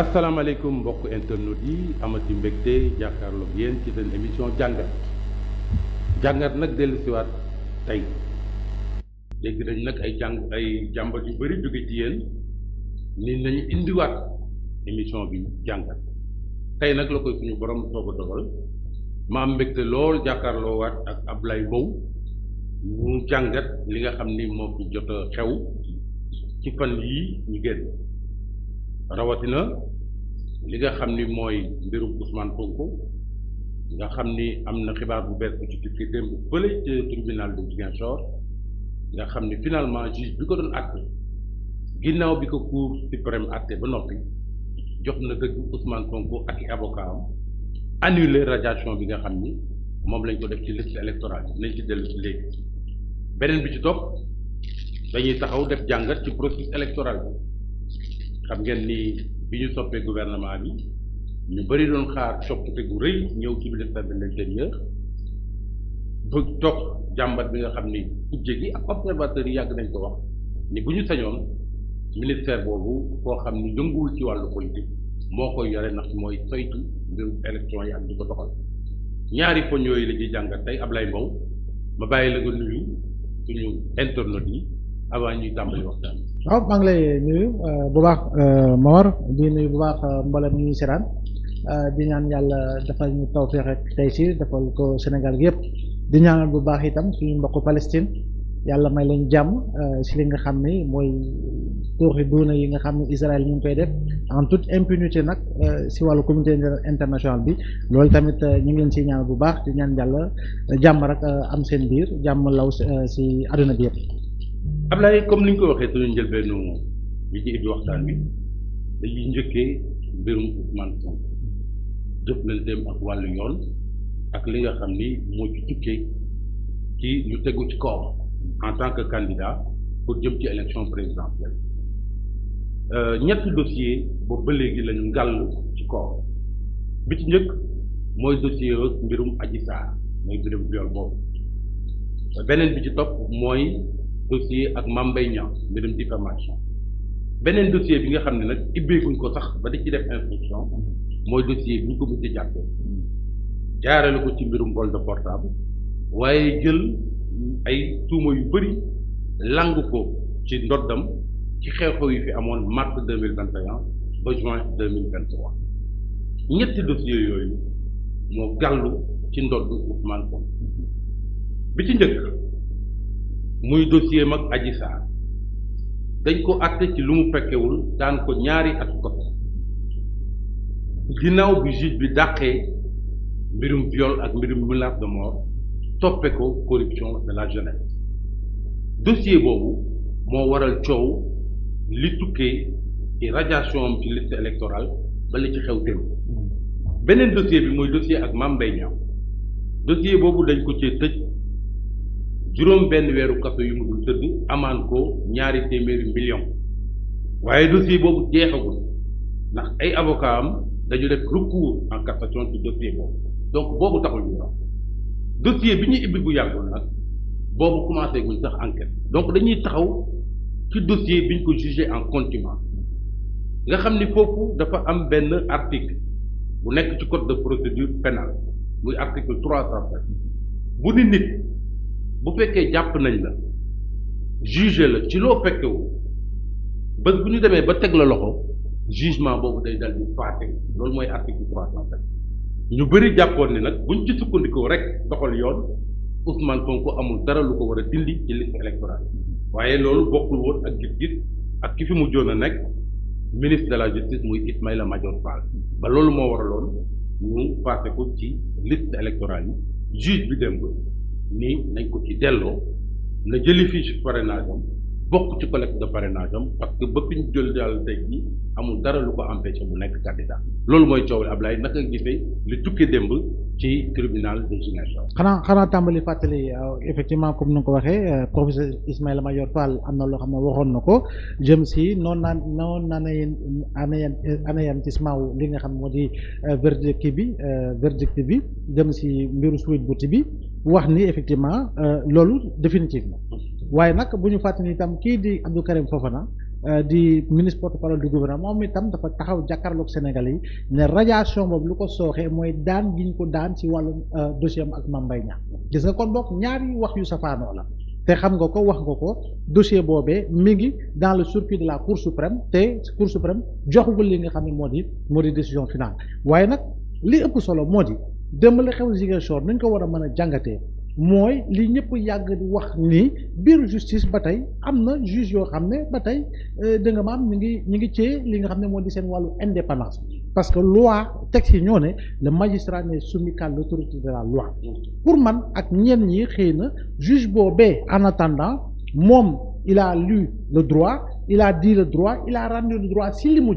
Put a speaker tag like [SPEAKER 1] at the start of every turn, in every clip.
[SPEAKER 1] asalaamaaleykum mbokk internet yi amati mbégte jàkkaarloog yéen ci seen émission jàngat jàngat nag dellu siwaat tey léegi dañ nag ay jàng ay jàmbat yu bari jóge ci yéen ni nañu indiwaat émission bi jàngat tey nag la koy suñu borom soog a ma am mbégte lool jàkkaarloowaat ak Ablaye Mbow mu jàngat li nga xam ni moo fi jot a xew ci fan yii ñu génn rawatina li nga xam ni mooy mbirum Ousmane Sonko nga xam ni am na xibaar bu bees bu ci tukki démb fële ci tribunal de Ziguinchor nga xam ni finalement juge bi ko doon àtte ginnaaw bi ko cour suprême àtte ba noppi jox na dëgg Ousmane Sonko ak i avocat am radiation bi nga xam ni moom lañ ko def ci liste électorale bi nañ ci dellu léegi beneen bi ci topp dañuy taxaw def jàngat ci processus électoral bi. xam ngeen ni bi ñu soppee gouvernement bi ñu bëri doon xaar coppite gu rëy ñëw ci ministère de l'intérieur bëgg toog jàmbat bi nga xam ni kujje yi ak observateurs yi yàgg nañ ko wax ni bu ñu sañoon ministère boobu koo xam ni yënguwul ci wàllu politique moo koy yore ndax mooy saytu mbirum élection yi ak di ko doxal ñaari poñ yooyu jàngat tey Ablaye Mbow ma bàyyi la nga nuyu suñu internautes yi avant ñuy tàmbali waxtaan
[SPEAKER 2] waaw maa ngi lay nuyu euh, bu baax euh, Mor di nuyu bu baax euh, mboolem ñuy seetaan di ñaan yàlla defal ñu tawfeex ak tey si defal ko Sénégal gi yëpp di ñaanal bu baax itam suñu mbokku Palestine yàlla may leen jàmm si li nga xam ni mooy tuuxi duuna yi nga xam ne Israël ñu ngi koy def en tout impunité nag si wàllu communauté internationale bi loolu tamit ñu ngi leen si ñaanal bu baax di ñaan yàlla jàmm rek am seen biir jàmm law si àdduna bi yëpp.
[SPEAKER 1] Ablaye comme ni ñu ko waxee suñu njëlbeenu bi ci indi waxtaan wi dañuy njëkkee mbirum Ousmane Sonko jëflanteem ak wàllu yoon ak li nga xam ni moo ci tukkee ci lu tegu ci kaw en tant que candidat pour jëm ci élection présidentielle euh, ñetti dossier boobu ba léegi lañu ngàll ci kaw bi ci njëkk mooy dossier mbirum Adji Sarr mooy mbirum viol boobu beneen bi ci topp mooy. dossier ak Mame Mbaye Niang mbirum diffamation beneen dossier bi nga xam ne nag ibbeeguñ ko sax ba di ci def instruction mooy dossier bi ñu ko mujj jàppee jaarale ko ci mbirum vol waaye jël ay tuuma yu bëri lang ko ci ndoddam ci xew-xew yi fi amoon mars deux mille vingt et un ba juin deux mille ñetti dossiers yooyu moo gàllu ci ndodd bi ci njëkk muy dossier mag Adji Sarr dañ ko àtte ci lu mu fekkewul daan ko ñaari at kaso ginnaaw bi juge bi dàqee mbirum viol ak mbirum menace de mort toppe ko corruption de la jeunesse dossier boobu moo waral coow li tukkee ci radiation am ci liste électorale ba ci xew démb beneen dossier bi mooy dossier ak Mame Mbaye Niang boobu dañ ko cee tëj juróom benn weeru kaso yu mu dul tëdd amaan ko ñaari téeméeri million waaye dossier boobu jeexagul ndax ay avocat am dañu def recours en cassation ci dossier boobu donc boobu taxul ñu wax dossier bi ñuy ibbi bu yàggul nag boobu commencé guñ sax enquête donc dañuy taxaw ci dossier bi ñu ko jugé en contumace nga xam ni foofu dafa am benn article bu nekk ci code de procédure pénale muy article trois cent sept bu ni nit bu fekkee jàpp nañ la juge la ci loo fekkewu ba bu ñu demee ba teg la loxo jugement boobu day dal di faate loolu mooy article trois cent sept ñu bëri jàppoon ni nag buñ ci sukkandikoo rek doxal yoon Ousmane Sonko amul dara lu ko war a dindi ci liste électorale waaye loolu bokkul woon ak gis-gis ak ki fi mujjoon a nekk ministre de la justice muy la Madior Fall ba loolu moo waraloon ñu passé ko ci liste électorale yi juge bi démb ni nañ ko ci delloo na jëli fiche la am bokk ci collecte de parrainage am parce que ba fi ñu jël daal tey jii amul dara lu ko empêché mu nekk candidat loolu mooy coow li Ablaye naka nga gisee li tukkee démb ci tribunal de Ziguinchor.
[SPEAKER 2] xanaa xanaa tàmbali fàttali euh, effectivement comme ni nga ko waxee euh, professeur Ismaïla Madior Fall am na loo xam ne waxoon na ko jëm si non naan non naan anéantissement wu li nga xam moo di euh, verdict bi verdict bi jëm si mbiru Sweet Beauté bi wax ni effectivement loolu définitivement. waaye nag bu ñu fàttali itam kii di Abdou Karim Fofana euh, di ministre porte di du gouvernement moom itam dafa taxaw jàkkaarloog sénégal yi ne radiation boobu lu ko sooxee mooy daan gi ñu ko daan ci wàllu euh, dossier ak Mame Mbaye Niang gis nga kon boog ñaari wax yu safaanoo la te xam nga ko wax nga ko dossier boobee mi ngi dans le circuit de la Cour suprême te Cour suprême joxagul li nga xam ne moo di moo di décision finale waaye nag li ëpp solo moo di démb la xew Ziguinchor ko war a mën a jàngatee. moy li ñepp yag di wax ni bir justice batay amna juge yo xam batay euh, de nga maam ñi ngi ñi ngi li nga xam ne di seen walu indépendance parce que loi texte ñone le magistrat n'est soumis qu'à l'autorité de la loi pour man ak ñen ñi xeyna juge Bobé, en attendant moom il a lu le droit il a dit le droit il a rendu le droit si li mu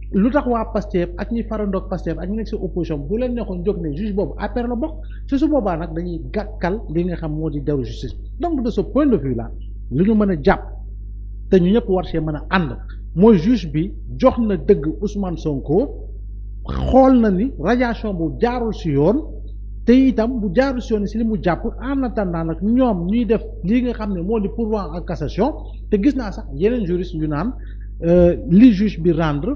[SPEAKER 2] lu tax waa Pastef ak ñi farandoog Pastef ak ñi nekk si opposition bu leen neexoon jóg ne juge boobu affaire la bokk si su boobaa nag dañuy gàkkal li nga xam moo di deru justice donc de ce point de vue là ñu mën a jàpp te ñu ñëpp war see mën a ànd mooy juge bi jox na dëgg Ousmane Sonko xool na ni radiation bu jaarul si yoon te itam bu jaarul si yoon si li mu jàpp en attendant nag ñoom ñuy def li nga xam ne moo di pourvoi en cassation te gis naa sax yeneen juriste yu naan euh, li juge bi rendre.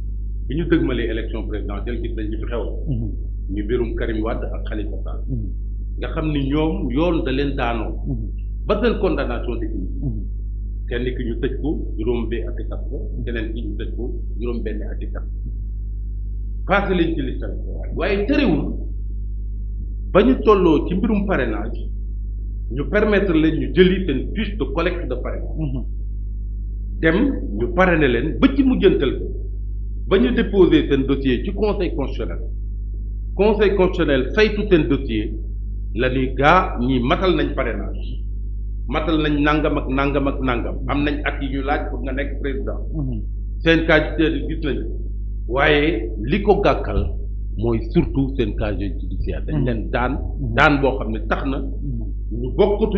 [SPEAKER 1] bi ñu dëgmalee élection présidentielle gis nañ fi xew ñu mm-hmm. mbirum Karim Wade ak Khalifa Sall mm-hmm. nga xam ni ñoom yoon da daanoo mm-hmm. ba seen condamnation définitive kenn ñu tëj juróom benn ati ko keneen ki ñu tëj ko juróom benn ati sax passé lañ ñu tolloo leen jëli seen fiche de collecte de parrainage dem ñu parrainé leen ba ci ko ba you déposer un dossier Du conseil constitutionnel conseil constitutionnel tout un dossier la matal nañ parrainage matal nañ nangam ak nangam ak nangam pour nga président. Mhm. un cas surtout cas judiciaire dañ mhm. mhm.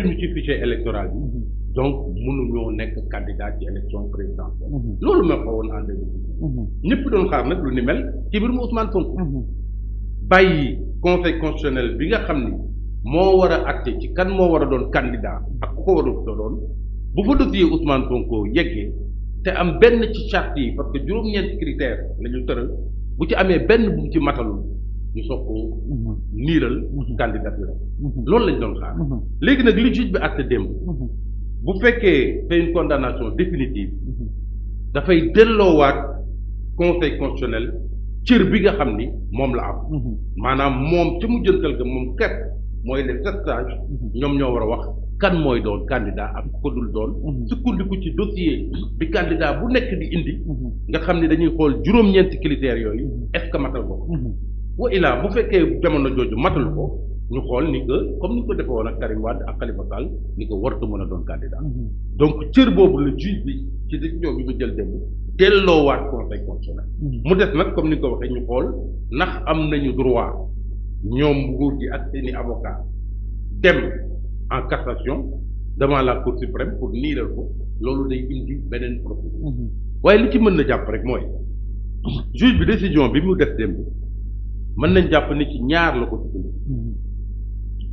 [SPEAKER 1] ñu ci fichier électoral donc mënuñoo nekk candidat ci élection présidentielle. Mhm. loolu moo xawoon en 2010. Mhm. ñëpp doon xaar nag lu ni mel ci biir mu Ousmane Sonko. Mhm. bàyyi conseil constitutionnel bi nga xam ni moo war a àtte ci kan moo war a doon candidat ak ko war a doon bu fa dossier Ousmane Sonko yeggee te am benn ci charte yi parce que juróom-ñeenti critère lañu ñu tëral bu ci amee benn bu ci matalul ñu soog ko niiral candidature loolu lañ doon xaar léegi nag li juge bi àtte démb bu fekkee c'est une condamnation définitive dafay delloowaat conseil constitutionnel cër bi nga xam ni moom la am maanaam moom ci mu jëntal ga moom kat mooy le sept sages ñoom ñoo war a wax kan mooy doon candidat ak ko dul doon sukkandiku ci dossier bi candidat bu nekk di indi nga xam ni dañuy xool juróom-ñeenti critères yooyu est-ce que matal ko mhm. wa ilaa bu fekkee jamono jooju matal ko nous xool ni que comme ni ko defee woon Karim Wade ak ni ko candidat mhm. donc cër boobu la juge bi ci décision jël conseil constitutionnel mhm. mu avons comme ni ko droit ñoom nguur gi ak avocat dem en cassation devant la cour suprême pour nier ko loolu day indi beneen procédure mhm. waaye li ci rek juge bi décision bi mu def démb ni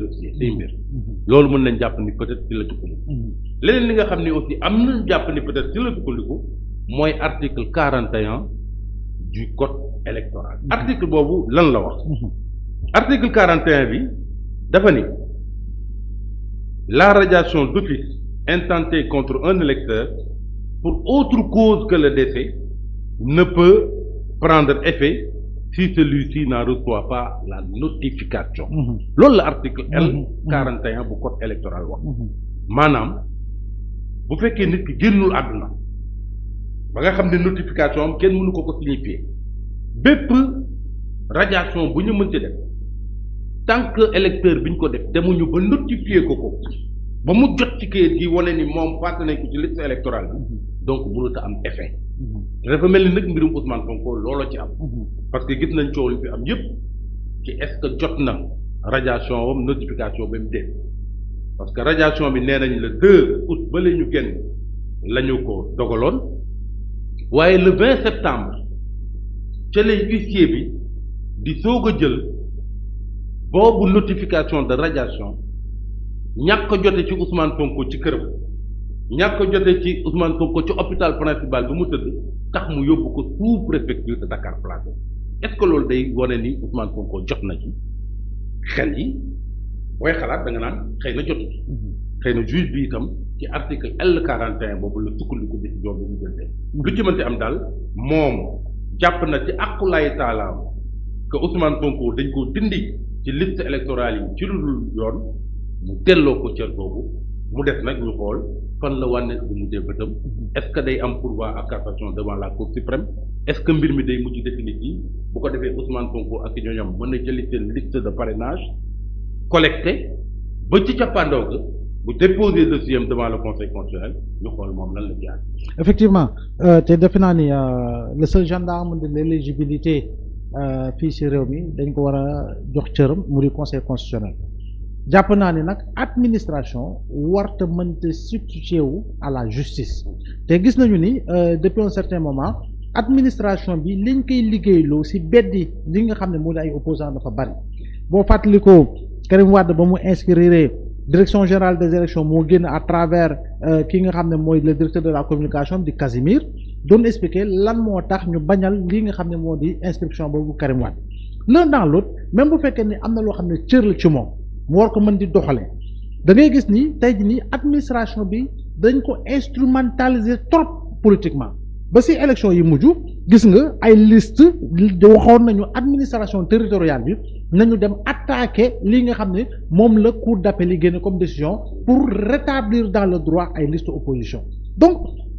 [SPEAKER 1] Dossier, c'est mm-hmm. loolu mën nañ jàpp ni peut-être ci la
[SPEAKER 3] mm-hmm.
[SPEAKER 1] li nga aussi am nañ jàpp ni peut-être article quarante du code électoral mm-hmm. article 41 lan la article 41 la radiation d'office intentée contre un électeur pour autre cause que le décès ne peut prendre effet si celui-ci n'en reçoit pas la notification mm-hmm. l'article L 41 mm-hmm. du mm-hmm. code électoral notification am kenn mënu ko ko signifier radiation bu ñu tant que électeur ko def notifier ko ko ba mu jot ci ni électorale donc vous am effet te dafa mel ni nag mbirum Ousmane Sonko looloo ci am. Mhm. parce que gis nañ coow fi am yëpp ci est jot na radiation wam notification ba mu dee parce que radiation bi nee nañ le 2 ba la ñu génn lañu ko dogaloon waaye le 20 septembre ca lay huissier bi di soog a jël boobu notification de radiation ñàkk a jote ci Ousmane Sonko ci këram ñàkk a jote ci Ousmane Sonko ci hôpital principal bi mu tëdd. tax mu yóbbu ko sous préfecture de Dakar Plateau est-ce que loolu day wane ni Ousmane Sonko jot na ci xel yi booy xalaat da naan xëy na jotu xëy na bi itam ci article L quarante boobu la sukkandiku décision bi mu jël tey lu jëmante am daal moom jàpp na ci àqulaay taalaam que Ousmane Sonko dañ ko dindi ci liste électorale yi ci lu dul yoon mu delloo ko cër boobu mu def nag ñu xool fan la wànneeku bu mujjee bëtam est-ce que day am pourvoi à cassation devant la cour suprême est-ce que mbir mi day mujj définitif bu ko defee Ousmane Sonko ak ñooñam mën na jëli seen liste de parrainage collecté ba ci cappaandaw ga bu déposé dossier am devant le conseil constitutionnel ñu xool moom lan la jaar.
[SPEAKER 2] effectivement euh, te defe naa ni euh, le seul gendarme de l'éligibilité euh, fii si réew mi dañ ko war a jox cëram mu di conseil constitutionnel jàpp nak administration warta mënta substitué wu à la justice te gis nañu ni euh, depuis un certain moment administration bi liñ koy liggéeyloo si beddi li nga xam ne moo di ay opposants dafa bari boo fàttalikoo Karim Wade ba mu inscrire direction générale des élections moo génn à travers euh, ki nga xam ne mooy le directeur de la communication di Casimir doon expliquer lan moo tax ñu bañal li nga xam ne moo di inscription boobu Karim Wade l'un dans l'autre même bu fekkee ni am na loo xam ne cër la ci moom c'est war ko mën di doxale da ngay gis ni tey jii administration bi dañ ko instrumentaliser trop politiquement ba si élection yi mujj gis nga ay liste waxoon nañu administration territoriale bi nañu dem attaquer li nga xam ne moom cour d'appel yi génne comme décision pour rétablir dans le droit ay liste opposition donc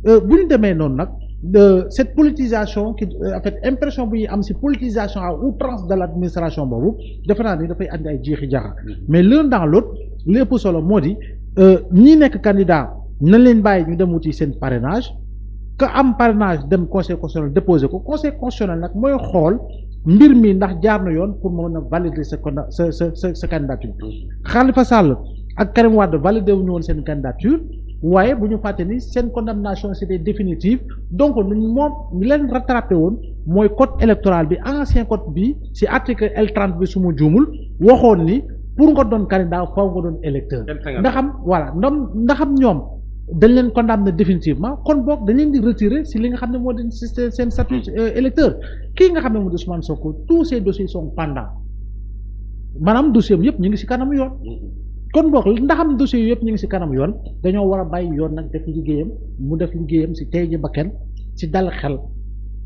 [SPEAKER 2] euh, bu ñu demee noonu nag de cette politisation qui euh, en fait impression bu ñuy am ci politisation à outrance de l'administration c'est defe naa ni dafay andi ay mm-hmm. mais l'un dans l'autre lépp solo modi euh ñi nek candidat nañ leen bay ñu dem ci sen parrainage que am parrainage dem conseil constitutionnel déposé ko conseil constitutionnel nak moy xol mbir mi ndax jaar na pour valider cette ce ce candidature mm-hmm. Khalifa Sall ak Karim Wade validé wuñu won sen candidature waye buñu faté ni condamnation c'était définitive donc moom ñu leen rattrapé code électoral bi ancien code bi ci L30 bi nous ni pour nga un candidat nga électeur ndaxam voilà ndam ndaxam ñom dañ définitivement kon bok dañ leen di retirer ci li nga ne nous statut hmm. euh, électeur ki nga xam Ousmane tous ces dossiers sont pendants manam dossier am nous ñu ngi ci kanam yoon hmm. kon boog ndaxam dossier yëpp ñu ngi si kanam yoon dañoo war a bàyyi yoon nag def liggéeyam mu def liggéeyam si tey ji bakken ci dal xel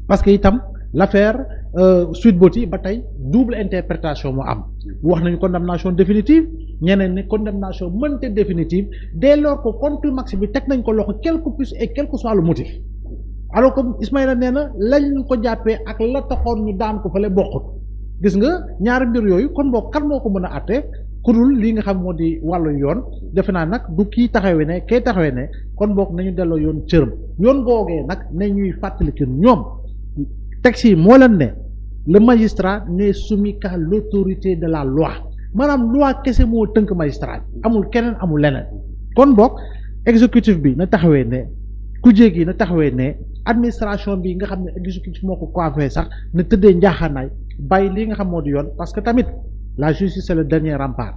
[SPEAKER 2] parce que itam l'affaire euh, Sweet yi ba tey double interprétation moo am wax nañu condamnation définitive ñeneen ne condamnation mënte définitive dès ko que contumace bi teg nañ ko loxo quel que puisse et quel que soit le motif alors que Ismaïla nee na lañ ko jàppee ak la taxoon ñu daan ko fale bokkut gis nga ñaari mbir yooyu kon boo kan moo ko mën a àtte ku dul lii nga xam moo di wàllu yoon defe naa nag du kii taxawee ne kay taxawee ne kon boog nañu delloo yoon cërëm yoon boogee nag na ñuy fàttaliku ñoom texte yi moo leen ne la magistrat n'est soumis qu'à l'autorité de la loi maanaam loi kese moo tënk magistrat bi amul keneen amul leneen kon boog exécutif bi na taxawee ne kujje gi na taxawee ne administration bi nga xam ne exécutif moo ko coiffé sax na tëddee njaaxaanaay bàyyi lii nga xam moo di yoon parce que tamit la justice c'est le dernier rempart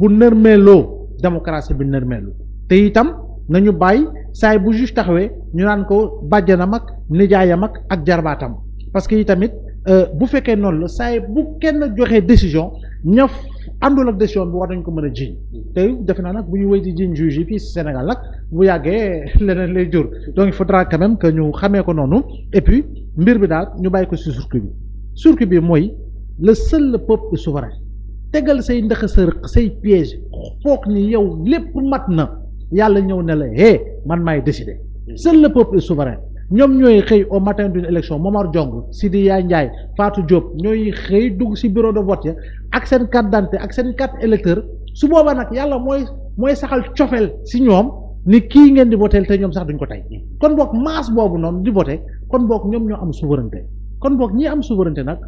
[SPEAKER 2] bu nërmeeloo démocratie bi nërmeelu te itam nañu bàyyi saay bu juge taxawee ñu naan ko bàjjanam ak nijaayam ak ak jarbaatam parce que itamit euh, bu fekkee noonu la saay bu kenn joxee décision ñaf àndul ak décision bi war nañ ko mën a jiiñ tey defe naa nag bu ñu wéy di jiiñ juge yi Sénégal nag bu yàggee leneen lay jur donc il faudra quand même que ñu xamee ko noonu et puis mbir bi daal ñu bàyyi ko ci bi circuit bi mooy le seul peuple souverain tegal say ndax sa rëq say piège foog ni yow lépp mat na yàlla ñëw ne la hé man maay décider hmm. seul le peuple est souverain ñoom ñooy xëy au matin d'une élection Momar Diong Sidiya Ndiaye Fatou Diop ñooy xëy dugg ci bureau de vote ya ak seen carte d'identité ak seen carte électeur su booba nag yàlla mooy mooy saxal cofeel ci ñoom ni kii ngeen di voter te ñoom sax duñ ko tey kon boog masse boobu noonu di voter kon boog ñoom ñoo am souveraineté kon boog ñi am souveraineté a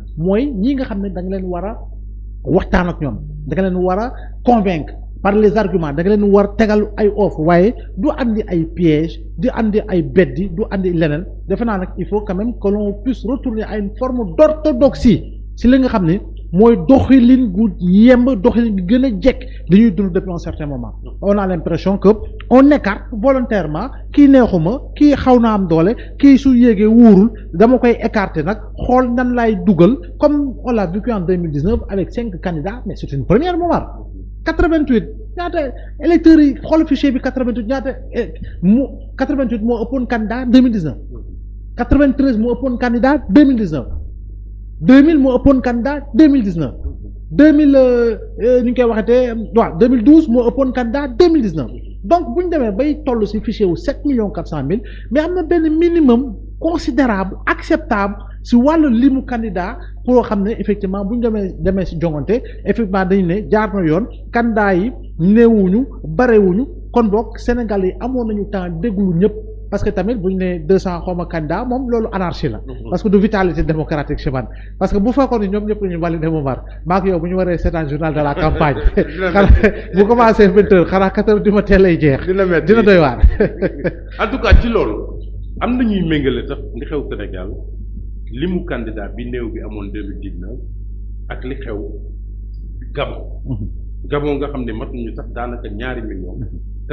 [SPEAKER 2] waxtaan ak ñoom da nga leen war a convaincre par les arguments da nga leen war tegal ay offre waaye du andi ay piège du andi ay beddi du andi leneen defe naa nag il faut quand même que l'on puisse retourner à une forme d'orthodoxie si li nga xam ne moy gu yemb depuis un certain moment on a l'impression que on écarte volontairement qui neexuma ki am doole su dama koy écarter nan comme on l'a en 2019 avec cinq candidats mais c'est une première moment 88, fichier bi eh, candidat 93, candidat 2000 mo ëppoon candidat 2019 2000 euh, euh, ñu koy waxatee waaw 2012 mo ëppoon candidat 2019 donc buñ démé bay tollu ci fichier wu 7 millions 400 000, mais amna ben minimum considérable acceptable ci walu limu candidat pour xamné effectivement buñ démé démé ci jongonté effectivement dañu né jaar na yoon candidat yi néewuñu barewuñu kon bok sénégalais yi amoon nañu temps déglu ñëpp. parce que tamit bu ñu nee deux cent xaw ma candidat moom loolu anarchie la. Mhm. parce que du vitalité démocratique ci parce que bu fekkoon ni ñoom ñëpp ñu validé Momar maa ngi yow bu ñu waree seetaan journal de la bu commencé vingt heures xanaa quatre heures du matin lay jeex. dina doy waar. en
[SPEAKER 1] ci loolu am na ñuy méngale sax li xew Sénégal li mu candidat bi néew bi amoon deux mille ak li xew Gabon. Mhm. Gabon nga xam ne matuñu sax daanaka ñaari millions. Mhm. te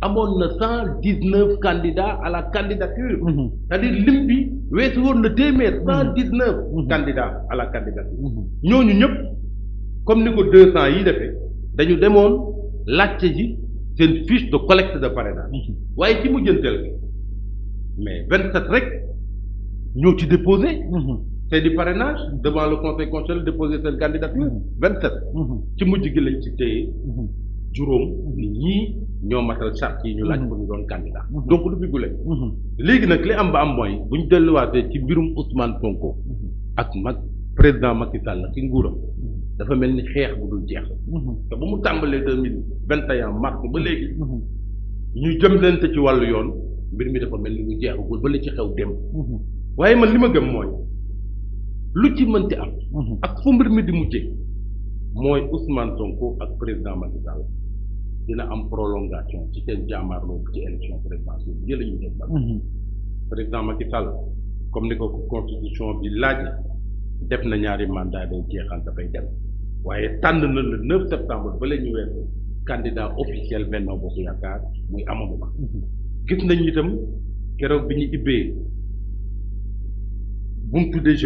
[SPEAKER 1] amone 119 candidats à la candidature. Mhm. C'est-à-dire limbi wessu won na 119 mhm. mhm. candidats à la candidature. nous, ñep comme niko 200 yi défé dañu démone laccé ji sen fiche de collecte de parrainage. Waye ci mu jëntel mais 27 rek ñoo ci déposer c'est du parrainage devant le conseil constitutionnel déposer cette candidature 27 ci mujj gi lañ ci téyé juroom ñi ñoo matal charte yi ñu laaj mhm. pour ñu doon candidat mhm. donc lu fi gule mhm. léegi nag li am ba am mooy bu ñu delluwaatee ci mbirum Ousmane Sonko ak mag président Macky Sall ci nguuram dafa mel ni xeex bu dul jeex te bu mu tàmbalee deux mille vingt et ba léegi ñu jëmlante ci wàllu yoon mbir mi dafa mel ni ñu jeexagul ba li ci xew dem waaye man li ma gëm mooy
[SPEAKER 3] lu ci mënti am
[SPEAKER 1] ak fu mbir mi di mujjee mooy Ousmane Sonko ak président Macky Sall dina am prolongation ci seen jaamarloo ci élection présidentielle bi lañu def ba mhm. président Macky Sall comme ni ko constitution bi laaj def na ñaari mandat day jeexal dafay dem waaye tànn na le 9 septembre ba la ñu weesu candidat officiel Benno Bokk Yaakaar muy Amadou Ba mhm. gis nañu itam keroog bi ñu ibbee buntu DG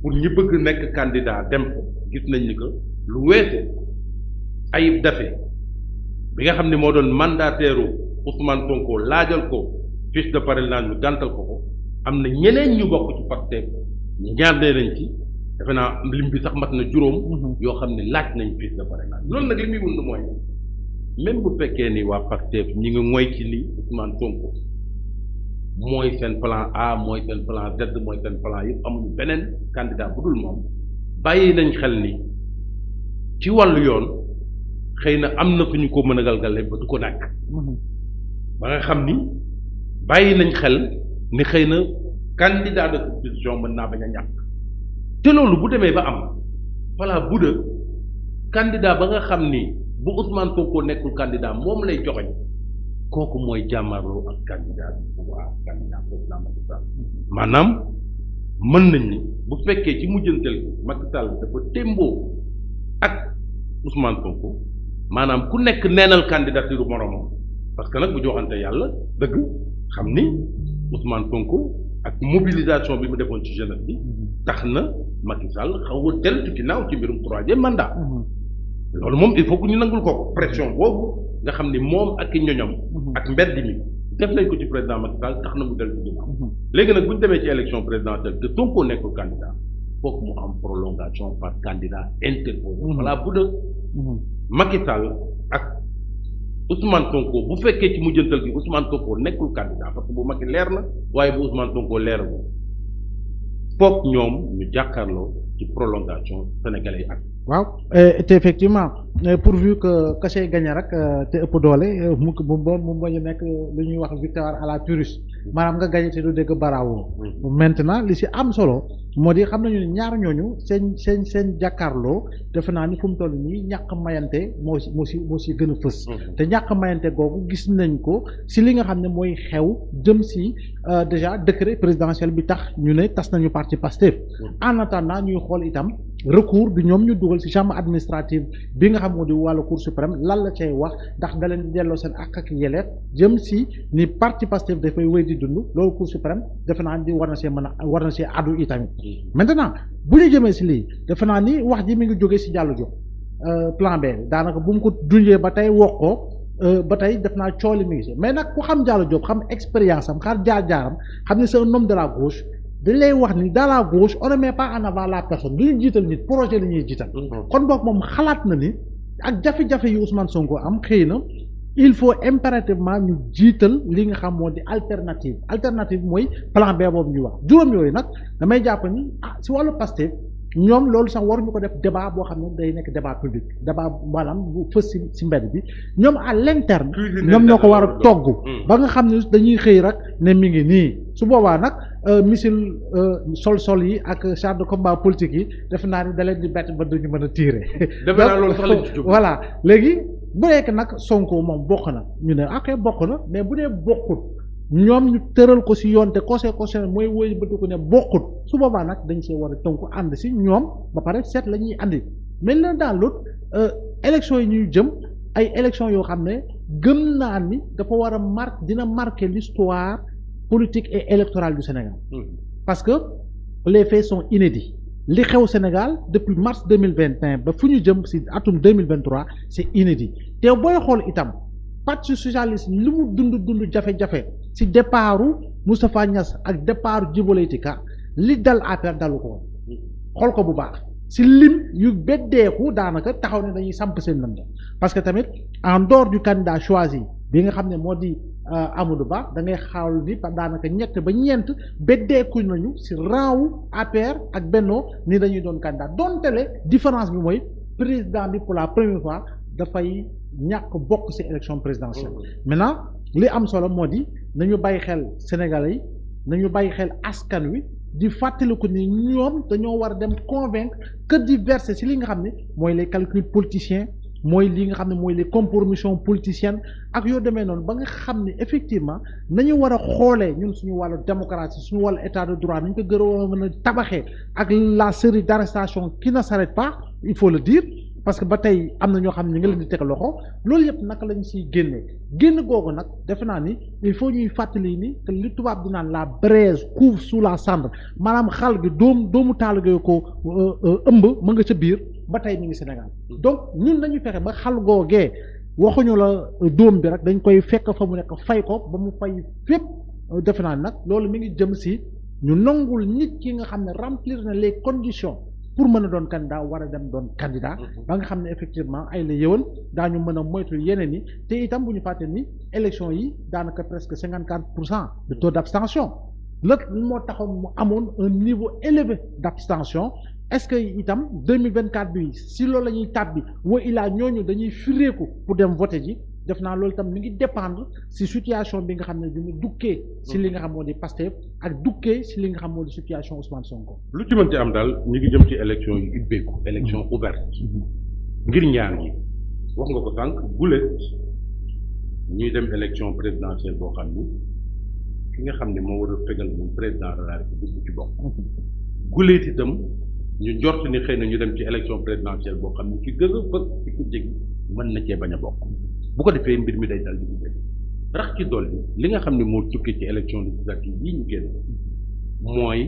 [SPEAKER 1] pour ñu bëgg nekk candidat dem gis nañ ni que lu weesu Ayib Daffé bi nga xam ne moo doon mandataire Ousmane Sonko laajal ko fiche de parrainage ñu gàntal ko ko am na ñeneen ñu bokk ci Pastef ñaar dee nañ ci defe naa lim bi sax mat na juróom. Mhm. yoo xam ne laaj nañ fiche de parrainage loolu nag li muy wund mooy même bu fekkee ni waa Pastef ñi ngi moy ci li Ousmane Sonko mooy seen plan A mooy seen plan Z mooy seen plan yëpp amuñu beneen candidat bu dul moom bàyyi nañ xel ni ci wàllu yoon. xëy na am na fu ñu ko mën a galgale ba du ko nàkk mhm. ba nga xam ni bàyyi nañ xel ni xëy na candidat de compétition mën naa bañ a ñàkk te loolu bu demee ba am voilà bu de ba nga xam ni bu Ousmane Sonko nekkul kandidaa moom lay joxeñ kooku mooy jàmmarloo ak candidat mhm. maanaam mën nañ ni bu fekkee ci mujjantel Macky Sall dafa témboo ak Ousmane Sonko maanaam ku nekk neenal candidature moromam parce que nag bu joxante yàlla dëgg xam ni Ousmane Sonko ak mobilisation bi mu defoon ci jeunesse bi tax na Macky Sall xaw a deltu ginnaaw ci mbirum troisième mandat loolu moom il faut que ñu nangul ko pression boobu nga xam ni moom ak i ñoñom ak mbedd mi def nañ ko ci président Macky Sall tax na mu deltu ginnaaw léegi nag bu demee ci élection présidentielle te Sonko nekkul candidat foog mu am prolongation par candidat interposé mm-hmm. voilà Macky Sall ak Ousmane Sonko bu fekkee ci mujjantal gi Ousmane Sonko nekkul candidat parce que bu Macky leer na bu Ousmane ñu prolongation sénégalais
[SPEAKER 2] effectivement. Eh, pourvu que kasse gagné rek euh, té ëpp doolé euh, mu mu bañu nek lu ñuy wax victoire à la touriste manam nga gagné té du dégg barawo maintenant li ci am solo modi xam nañu ñaar ñooñu seen seen seen jakarlo def na ni fu mu toll ni ñak mayanté mo mo ci mo ci gëna fess té ñak mayanté gogu gis nañ ko ci li nga xamné moy xew dem ci euh, déjà décret présidentiel bi tax ñu né tass nañu parti Pastef en attendant ñuy xol itam recours bi ñom ñu duggal ci chambre administrative bi nga nga xam di wàllu cour suprême lan la cay wax ndax da leen di delloo seen ak ak yeleet jëm si ni parti Pastef dafay wéy di dund loolu cour suprême defe naa di war na see mën a war na see addu itamit mm. maintenant bu ñu jëmee si lii defe naa ni wax ji mi ngi jógee si jàllu euh, jox plan B daanaka bu mu ko dundee ba tey wax ko euh, ba tey def naa cooli mi ngi si mais nag ku xam Diallo Diop xam expérience am xaar jaar-jaaram xam ne c'est un homme de la gauche dañ lay wax ni dans la gauche on ne met pas en avant la personne du ñu jiital nit projet la ñuy jiital mm-hmm. kon boog moom xalaat na ni ak jafe-jafe yu Ousmane Sonko am xëy na il faut impérativement ñu jiital li nga xam moo di alternative alternative mooy plan B boobu ñu wax juróom yooyu nag damay jàpp ni ah si wàllu Pastef ñoom loolu sax waruñu ko def débat boo xam ne day nekk débat public débat maanaam bu fës si si mbedd bi ñoom à l'interne ñoom ñoo ko war a togg ba nga xam ne dañuy xëy rek ne mi ngi nii su boobaa nag euh, missile sol-sol euh, yi ak char de combat politique yi def naa ni da leen di bett ba duñu mën a tiire. defe naa voilà léegi bu nekk nag Sonko moom bokk na ñu ne ok bokk na mais bu dee bokkut ñoom tëral ko si yoon te conseil mooy wóy bëtu ko ne bokkut su boobaa nag dañ see war a tënku ànd si ñoom ba pare seet la ñuy andi mais l'un dans l'autre euh, élection yi ñuy jëm ay élection yoo xam ne gëm naa ni dafa war a marqué dina marqué l'histoire politique et électorale du Sénégal. Mmh. parce que les faits sont inédits li au Sénégal depuis mars 2021, mille vingt ba fu jëm si atum deux mille vingt trois inédit te booy xool itam parti socialiste nous mu dund dund jafe-jafe si départu Moustapha Niass ak départu Djibo Leyti Ka li dal APR dalu ko xool ko bu baax si lim yu beddeeku daanaka taxaw ne dañuy samp seen parce que tamit en dehors du candidat choisi bi nga xam ne euh, Amadou Ba da ngay xaawlu ni daanaka ñett ba ñeent beddeekuñ nañu si raw APR ak Benno ni dañuy doon candidat donte le différence bi moy président bi pour la première fois fay ñak bokk ci élection présidentielle. Oh, maintenant li am solo modi nañu bàyyi xel Sénégalais nañu bàyyi xel askan wi. di fàttaliku ni ñoom dañoo war dem convaincre que diverses ci li nga xamné moy les calculs politiciens mooy li nga xam ne mooy les compromissions politiciennes ak yoo demee noonu ba nga xam ne effectivement nañu war a xoolee ñun suñu wàllu démocratie suñu wàllu état de droit ñu ko gën a mën a tabaxee ak la série d' arrestation qui ne s'arrête pas il faut le dire parce que ba tey am na ñoo xam ne ñu leen di teg loxo loolu yëpp naka lañ siy génnee génn googu nak defe naa ni il faut ñuy fàttali ni que li tubaab di naan la braise couvre sous la cendre maanaam xal bi doom doomu taal ko euh, euh, ëmb mën nga ca biir ba tey mi ngi Sénégal mm. donc ñun nañu fexe ba xal googee waxuñu la euh, dóom bi rek dañ koy fekk fa mu nekk fay ko ba mu fay fépp euh, defe naa nag loolu mi ngi jëm si ñu nangul nit ki nga xam ne remplir na les conditions pour mën a doon candidat war a dem doon candidat mm-hmm. ba nga xam ne effectivement ay la yëwan daañu mën a moytul yeneen yi te itam bu ñu fàtte ni élection yi daanaka presque cinquante quatre pour cent de taux d' abstention la moo taxoon mu amoon un niveau élevé d' abstention Eske yi tam, 2024 bi, si lò lè yi tabi, wè yi la nyonyo dè yi furekou pou dèm vote di, def nan lò lè tam, lè yi dependre si sutiachon bè nga kamezouni, douke si lè nga kamezouni pastev, ak douke si lè nga kamezouni sutiachon osman son kon.
[SPEAKER 1] Lò ti mante Amdal, nye gijam ti eleksyon yi beko, eleksyon ouverte. Giri nyanji, wangokotank, goulèt, nye dèm eleksyon prezidansyen bò kamezouni, ki nye kamezouni mò wè prezidansyen bò k ñu njort ni xëy na ñu dem ci élection présidentielle boo xam ne ci gën a fës ci ku jég mën na cee bañ a bokk bu ko defee mbir mi day dal di ko jël rax ci dolli li nga xam ne moo tukkee ci élection législative yi ñu génn mooy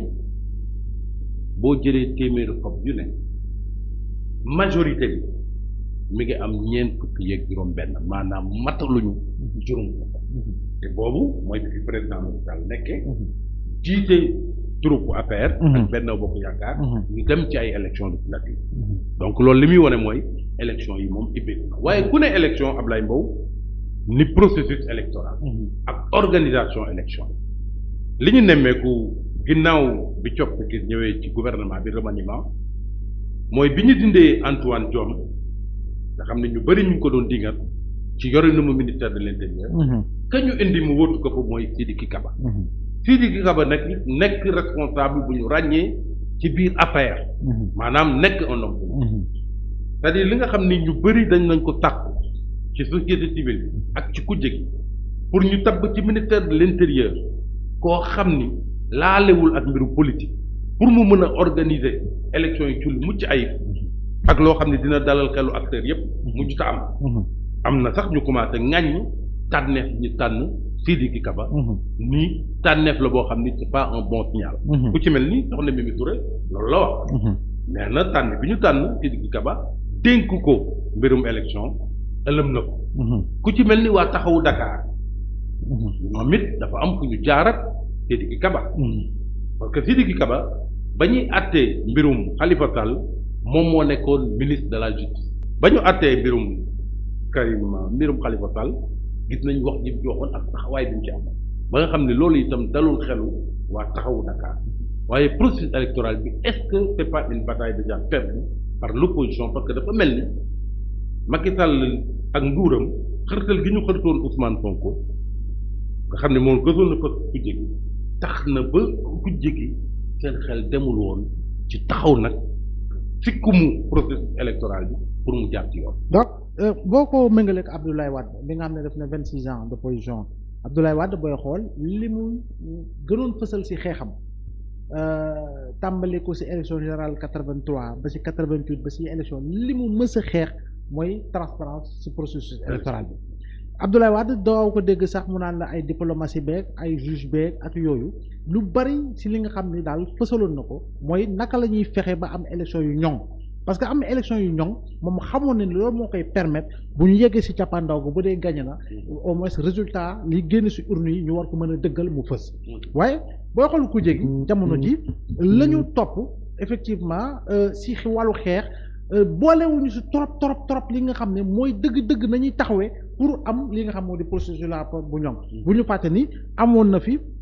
[SPEAKER 1] boo jëlee téeméeri xob yu ne majorité bi mi ngi am ñeent fukki yeeg juróom-benn maanaam mataluñu juróom mm-hmm. te boobu mooy bi fi président Macky Sall nekkee mm-hmm. jiite troupe affaire mhm. ak Benno Bokk Yaakaar. Mhm. ñu dem ci ay élections législatives. Mhm. donc loolu li muy wane mooy élections yi moom ibbeeku na waaye ku ne élection Ablaye Mbow ni processus électoral. ak organisation élection li ñu nemmeeku ginnaaw bi coppite ñëwee ci gouvernement bi remaniement mooy bi ñu dindee Antoine Diome nga xam ne ñu bari ñu ko doon dingat ci yore nu mu ministère de l' intérieur. ka ñu indi mu wóotu ko fa mooy Sidiki Kaba. Sidiki Kaba nag nekk responsable bu ñu ràññee ci biir affaire mhm. maanaam nekk un homme. Mhm. c'est-à-dire li nga xam ni ñu bëri dañ nañ ko tàkku ci société civile ak ci kujje gi pour ñu tabb ci ministère de l'intérieur koo xam ni laalewul ak mbiru politique pour mu mën a organiser élection yi ci lu mucc ay ak loo xam ne dina dalal xelu acteurs yépp mhm. mucc ta am na sax ñu commencé ŋàññ tànneef ñu tànn Sidiki Kaba. Mhm. ni Tanef la boo xam ni pas un bon signal. Mhm. ku ci mel ni soxna Mimi Touré loolu la wax. nee mhm. na tànn bi Sidiki Kaba dénk ko mbirum élection ëlëm na ko. ku ci mel ni waa taxawu Dakar. moom it dafa am fu ñu jaar Sidiki Kaba. parce que Sidiki Kaba ba ñuy àttee mbirum Khalifa Sall moom moo nekkoon ministre de la justice. ba ñu àttee mbirum Karim mbirum Khalifa Sall. gis nañ wax ji joxoon ak taxaway bi ci am ba nga xamni lolu itam dalul xelu wa taxaw Dakar waye processus électoral bi est-ce que c'est pas une bataille déjà perdue par l'opposition parce que dafa melni Macky Sall ak nguuram xërtal gi ñu xërtoon Ousmane Sonko nga xamni mo moom na ko ku jégi tax na ba ku jégi seen xel demul woon ci taxaw nag fikku mu processus électoral bi pour mu jàpp ci yoon
[SPEAKER 2] Euh, boo ko méngaleeg Abdoulaye Wade bi nga xam ne def na vingt six ans d'opposition Abdoulaye Wade booy xool li mu gënoon fësal si xeexam euh, tàmbali ko si élection générale quatre ba si quatre vingt huit ba si élection li mu mës xeex mooy transparence si processus électoral bi Abdoulaye Wade doo ko dégg sax mu naan la ay diplomatie beeg ay juge beeg ak yooyu lu bari si li nga xam ne daal fësaloon na ko mooy naka la ñuy fexe ba am élection yu ñoŋ parce que am na élection yu ñong moom xamoon ne loolu moo koy permettre bu ñu yeggee si cappaandaw ba bu dee gagné na au moins résultat li génn si urne yi ñu war ko mën a dëggal mu fës waaye booy xool ku jégi jamono ji la ñu topp effectivement euh, si wàllu xeex euh, boolewuñu si trop trop trop li nga xam ne mooy dëgg-dëgg nañuy taxawee pour am li nga xam moo di processus la bu ñoŋ bu ñu fàtte ni amoon na fi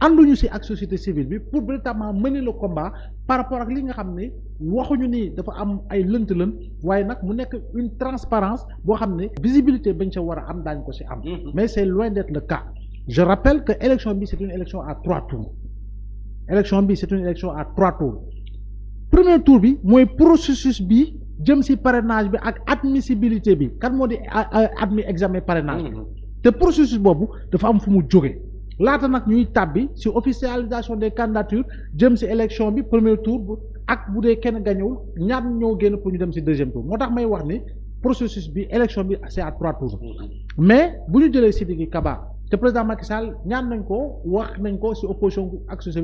[SPEAKER 2] andouñu ci ak société civile pour véritablement mener le combat par rapport ak li nga xam ne waxuñu ni dafa am ay lënt-lënt waaye mu une transparence boo xam visibilité bañ a am mm-hmm. mais c'est loin d'être le cas je rappelle que l'élection bi c'est une élection à trois tours L'élection bi c'est une élection à trois tours premier tour bi le processus bi jëm si parrainage bi ak admissibilité bi kan moo admis examen parrainage bi mm-hmm. processus boobu dafa am fu mu laata nag ñuy tabbi ci officialisation des candidatures jëm l'élection élection bi premier tour ak bu dee kenn gañewul ñaar ñoo génn pour ñu dem deuxième tour moo may wax processus bi élection bi à trois tours mais président Macky Sall ñaan nañ ko wax nañ ko opposition ak def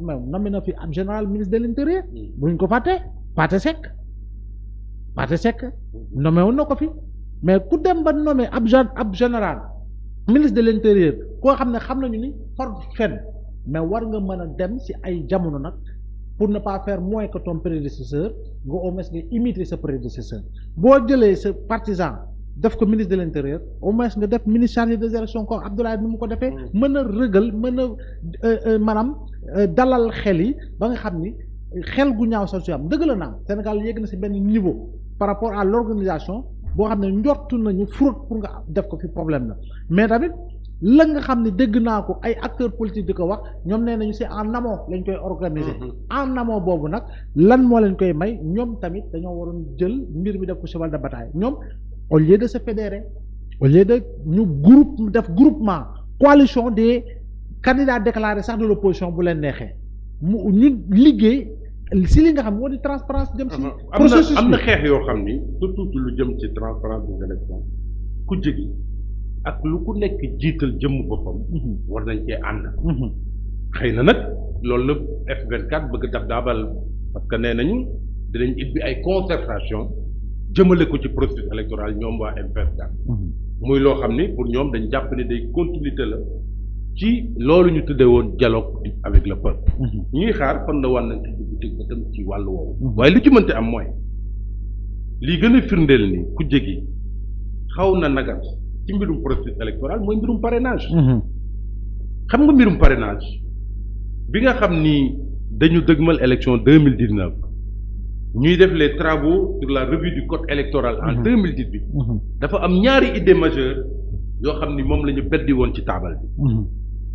[SPEAKER 2] man général ministre de l'intérieur bu ko fàtte sec ko fi mais ku dem ba ab ab général ministre de l'intérieur, intérieur koo xam mais war nga pour ne pas faire moins que ton prédécesseur nga imiter sa prédécesseur partisan def ko ministre de l'intérieur, intérieur au ministre chargé des élections comme Abdoulaye ni ko a dalal xel ba nga xam xel gu niveau par rapport à l'organisation, boo xam ne njortu nañu fraude pour nga def ko fi problème na mais tamit la nga xam ne dégg naa ko ay acteurs politiques di ko wax ñoom nee nañu c'est en amont lañ koy organiser. Mm-hmm. en amont boobu nag lan moo leen koy may ñoom tamit dañoo waroon jël mbir mi def ko cheval de bataille ñoom au lieu de se fédérer au de ñu groupe def groupement coalition de candidats déclarés sax de l'opposition bu leen neexee mu ñu liggéey. si li nga xam moo di transparence jëm si. am na xeex
[SPEAKER 1] yoo xam ni surtout lu jëm ci transparence des élections ku jëgi ak lu ku nekk jiital jëmm boppam. Mhm. war nañ cee ànd. Mhm. xëy na nag loolu la F24 bëgg dab daabal parce que nee nañu dinañ ibbi ay concertation jëmale ko ci processus électoral ñoom waa F24. Mhm. muy loo xam ni pour ñoom dañ jàpp ne day continuité la. ci loolu ñu tudde woon dialogue avec le peuple. Mhm. ñuy xaar kon la wàllante dugg ba dem ci wàllu woowu. Mhm. waaye li ci mënti am mooy li gën a firndeel ni ku jegi xaw na nagat ci mbirum processus électoral mooy mbirum parrainage. Mhm. xam nga mbirum parrainage bi nga xam ni dañu dëgmal élection 2019 ñuy def les travaux sur la revue du code électoral. en deux dafa am ñaari idée majeure yoo xam ni moom la ñu beddi woon ci table bi.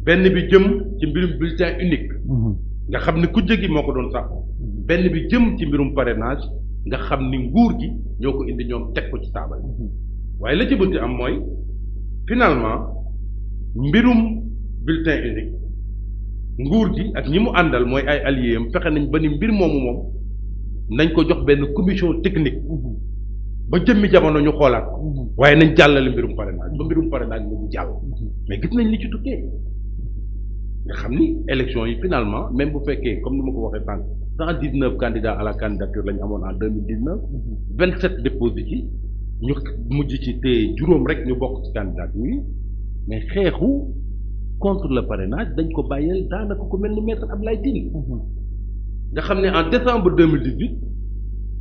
[SPEAKER 1] benn bi jëm ci mbirum bulletin unique mhm. nga xam ne kujje gi moo ko doon sàkku mhm. benn bi jëm ci mbirum parrainage nga xam ni nguur gi ñoo ko indi ñoom teg ko ci taabal mhm. waaye la ci bënti am mooy finalement mbirum bulletin unique nguur gi ak ñi mu àndal mooy ay alliés am fexe nañ ba ni mbir moomu moom nañ ko jox benn commission technique ba jëmmi jamono ñu xoolaat waaye nañ jàllale mbirum parrainage ba mbirum parrainage mu jàll mais gis nañ li ci tukkee nga yi finalement même bu fekkee comme ni ma ko waxee sànq cent candidats à la candidature lañ amoon en 2019 27 déposé déposés yi ñu mujj ci te juróom rek ñu bokk ci candidature yi mais xeexu contre le parrainage dañ ko bàyyeel daanaka ku mel ni maître Abdoulaye Tine mm-hmm. nga xam en décembre 2018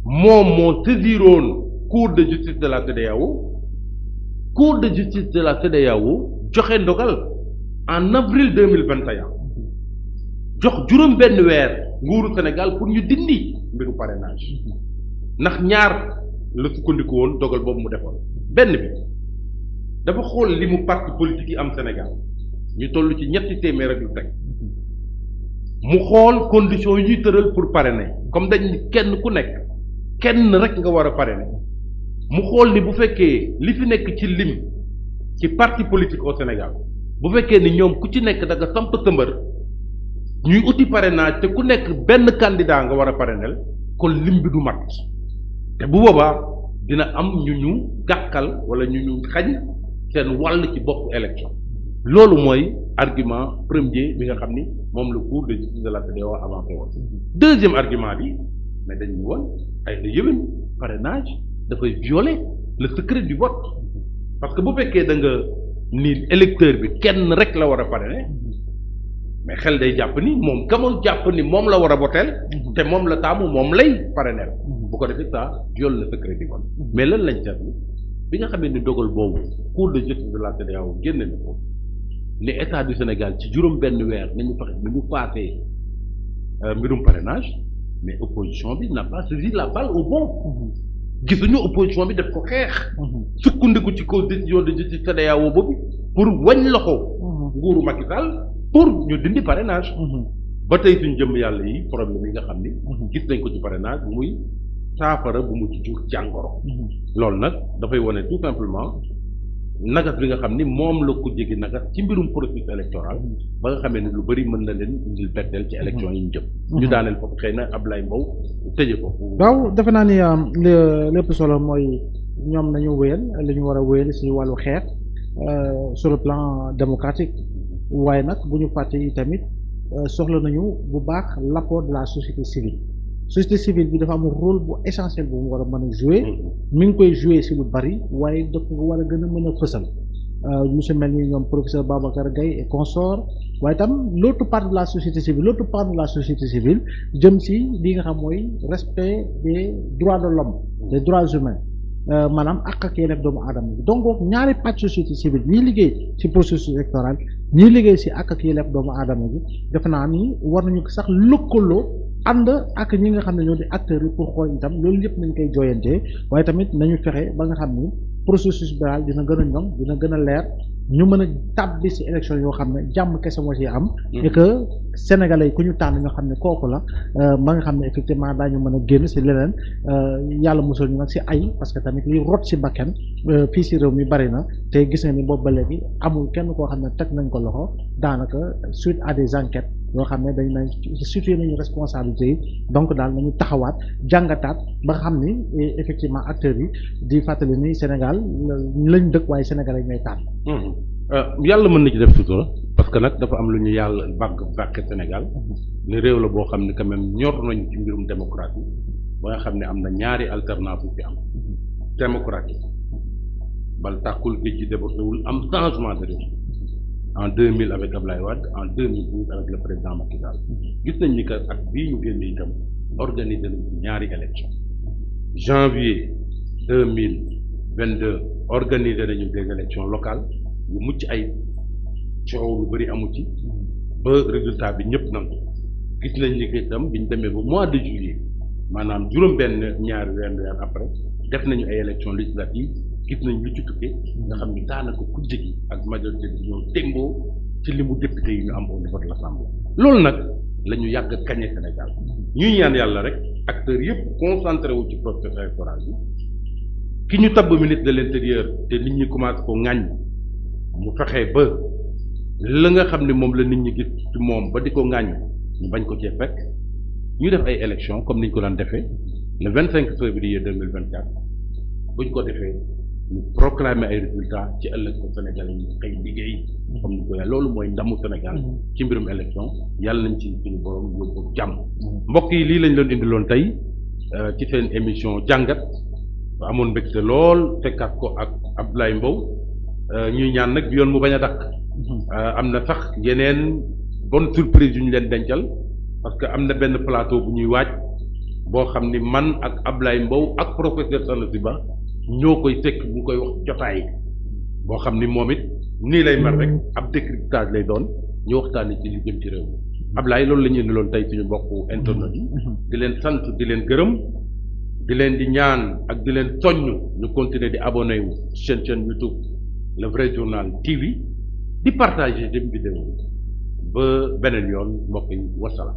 [SPEAKER 1] mon dix moom cour de justice de la CEDEAO cour de justice de la CEDEAO joxe ndogal en avril deux mille vingt et jox juróom benn weer nguuru Sénégal pour ñu dindi mbiru parrainage ndax ñaar la sukkandiku woon dogal boobu mu defoon benn bi dafa xool limu mu parti politique yi am Sénégal ñu toll ci ñetti téeméer ak lu teg mu xool conditions yi ñuy tëral pour parrainer comme dañ kenn ku nekk kenn rek nga war a parrainer mu xool ni bu fekkee li fi nekk ci lim ci parti politique Sénégal bu fekkee ni ñoom ku ci nekk da nga samp sa ñuy uti parrainage te ku nekk benn candidat nga war a parrainer kon lim bi du mat te bu boobaa dina am ñu ñu gàkkal wala ñu ñu xañ seen wàll ci bopp élection loolu mooy argument premier bi nga xam ni moom la cour de justice de la CEDEAO avancé woon deuxième argument bi mais dañ ñu woon ay la yëwén parrainage dafay violer le secret du vote parce que bu fekkee da nga ni électeur bi kenn rek la war a parrainer mais xel day jàpp ni moom kamoon jàpp ni moom la war a boteel te moom la taamu moom lay parrainer bu ko defee ça viole le secret d'école mais lan lañ seetlu bi nga xamee ni dogal boobu cour de justice de la CEDEAO génne na ko ne état du Sénégal ci juróom benn weer nañu fexe ni mu paasee euh, mbirum parrainage mais opposition bi n'a pas saisi la balle au bon gisuñu opposition bi def ko xeex. Mhm. sukkandiku ci kaw décision de justice CEDEAO boobu pour wañ loxo. Mhm. nguuru Macky pour ñu dindi parrainage. Mhm. ba tey suñ jëm yàlla yi problème yi nga xam ni. gis nañ ko ci parrainage bu muy saafara bu mu ci jur jàngoro. loolu nag dafay wone tout simplement. nagas bi nga xam ni moom la ko jege nagas ci mbirum processus électoral ba nga xamee ne lu bari mën na leen indil betteel ci élection yi ñu ñu mhm. daaneel foofu xëy na lay Mbow tëje ko. waaw
[SPEAKER 2] defe naa ni um, lépp solo mooy ñoom nañu wéyal li ñu war a wéyal si wàllu xeet euh, sur le plan démocratique waaye nag bu ñu fàtte yi tamit euh, soxla nañu bu baax l'apport de la société civile. société civile bi dafa am rôle bu essentiel bu mu war a mën a jouer mm-hmm. mi ngi koy jouer si lu bari waaye da ko war a gën a mën a fësal euh, monsieur mel ni ñoom professeur Babacar Gaye et consort waaye tam l'autre part de la société civile l'autre part de la société civile jëm si li nga xam mooy respect des droits de l'homme des droits humains euh, maanaam ak ak yeneen doomu aadama bi donc ñaari part société civile ñii liggéey ci processus électoral ñii liggéey si ak ak yeneen doomu aadama bi defe naa ni war nañu sax lëkkaloo ànd ak ñi nga xam ne ñoo di acteur yi pour xool itam loolu yëpp nañ koy jooyantee waaye tamit nañu fexe ba nga xam ni processus bi daal dina gën a ñoŋ dina gën a leer ñu mën a tàbbi ci élection yoo xam ne jàmm kese moo ci am. Mm-hmm. et que sénégalais yi ku ñu tànn ñoo xam ne kooku la euh, ba nga xam ne effectivement ñu mën a génn ci leneen euh, yàlla musal ñu nag ci ay parce que tamit li rot ci bakkan euh, fii ci réew mi bari na te gis nga ni boobu ba léegi amul kenn koo xam ne teg nañ ko loxo daanaka suite à des enquêtes. yoo xam ne dañ nañ situé nañu responsabilité yi donc daal nañu taxawaat jàngataat ba xam ni eh, effectivement acteurs yi di fàttali ni Sénégal euh, lañ dëkk waaye sénégalais ñooy tànn.
[SPEAKER 1] Euh, yàlla mën na ci def sutura parce que nag dafa am lu ñu yàlla bàgg bàkke Sénégal ni réew la boo xam ne quand même ñor nañ ci mbirum démocratie ba nga xam ne am na ñaari alternance yu fi am démocratie bal tàkkul géej gi débordewul am changement de réew en 2000 avec Ablaye Wade en 2012 avec le président Macky Sall gis nañ ni que ak bii ñu organiser une élection janvier 2022 organiser nañu des élections locales yu mucc ay coow lu bëri amu ci ba résultat bi ñëpp nangu gis ni que itam mois de juillet maanaam juróom-benn ñaari une weer après def nañu ay élection législative. gis nañ lu ci tukkee nga xam ni daanaka kujje gi ak majorité bi ñoo téngoo ci li mu député yi ñu am au niveau de l'Assemblée loolu nag la ñu yàgg a kañe ñuy ñaan yàlla rek acteurs yëpp concentré wu ci processus électoral bi ki ñu tabb ministre de l'intérieur te nit ñi commencé ko ŋàññ mu fexee ba la nga xam ne moom la nit ñi gis moom ba di ko ŋàññ ñu bañ ko cee fekk ñu def ay élections comme niñ ko daan defee le vingt cinq février deux mille vingt quatre buñ ko defee ñu proclamer ay résultats ci ëllëg Sénégal yi xëy liggéey. xam ni loolu mooy ndamu Sénégal. Mm-hmm. ci mbirum élection yàlla nañ ci suñu borom yóbbu ko jàmm. Mm-hmm. mbokk yi lii lañ leen indiloon tey euh, ci seen émission jàngat amoon mbégte lool fekkaat ko ak Abdoulaye Mbow euh, ñuy ñaan nag bi yoon mu bañ a dakk mm-hmm. euh, am na sax yeneen bonne surprise yu ñu leen dencal parce que am na benn plateau bu ñuy waaj boo xam ni man ak Ablaye Mbow ak professeur Sanoussi Ba ñoo koy fekk bu koy wax jotaay boo xam ni moom it nii lay mel rek mm. ab décryptage lay doon ñu waxtaanee ci li jëm ci réew mi Ablaye loolu la ñu ne loon tey suñu mbokku internet mm-hmm. di leen sant di leen gërëm di leen di ñaan ak di leen soññ ñu continuer di abonné wu chaîne chaîne YouTube le vrai journal TV di partager dem vidéo ba beneen yoon mbokk yi wasalaam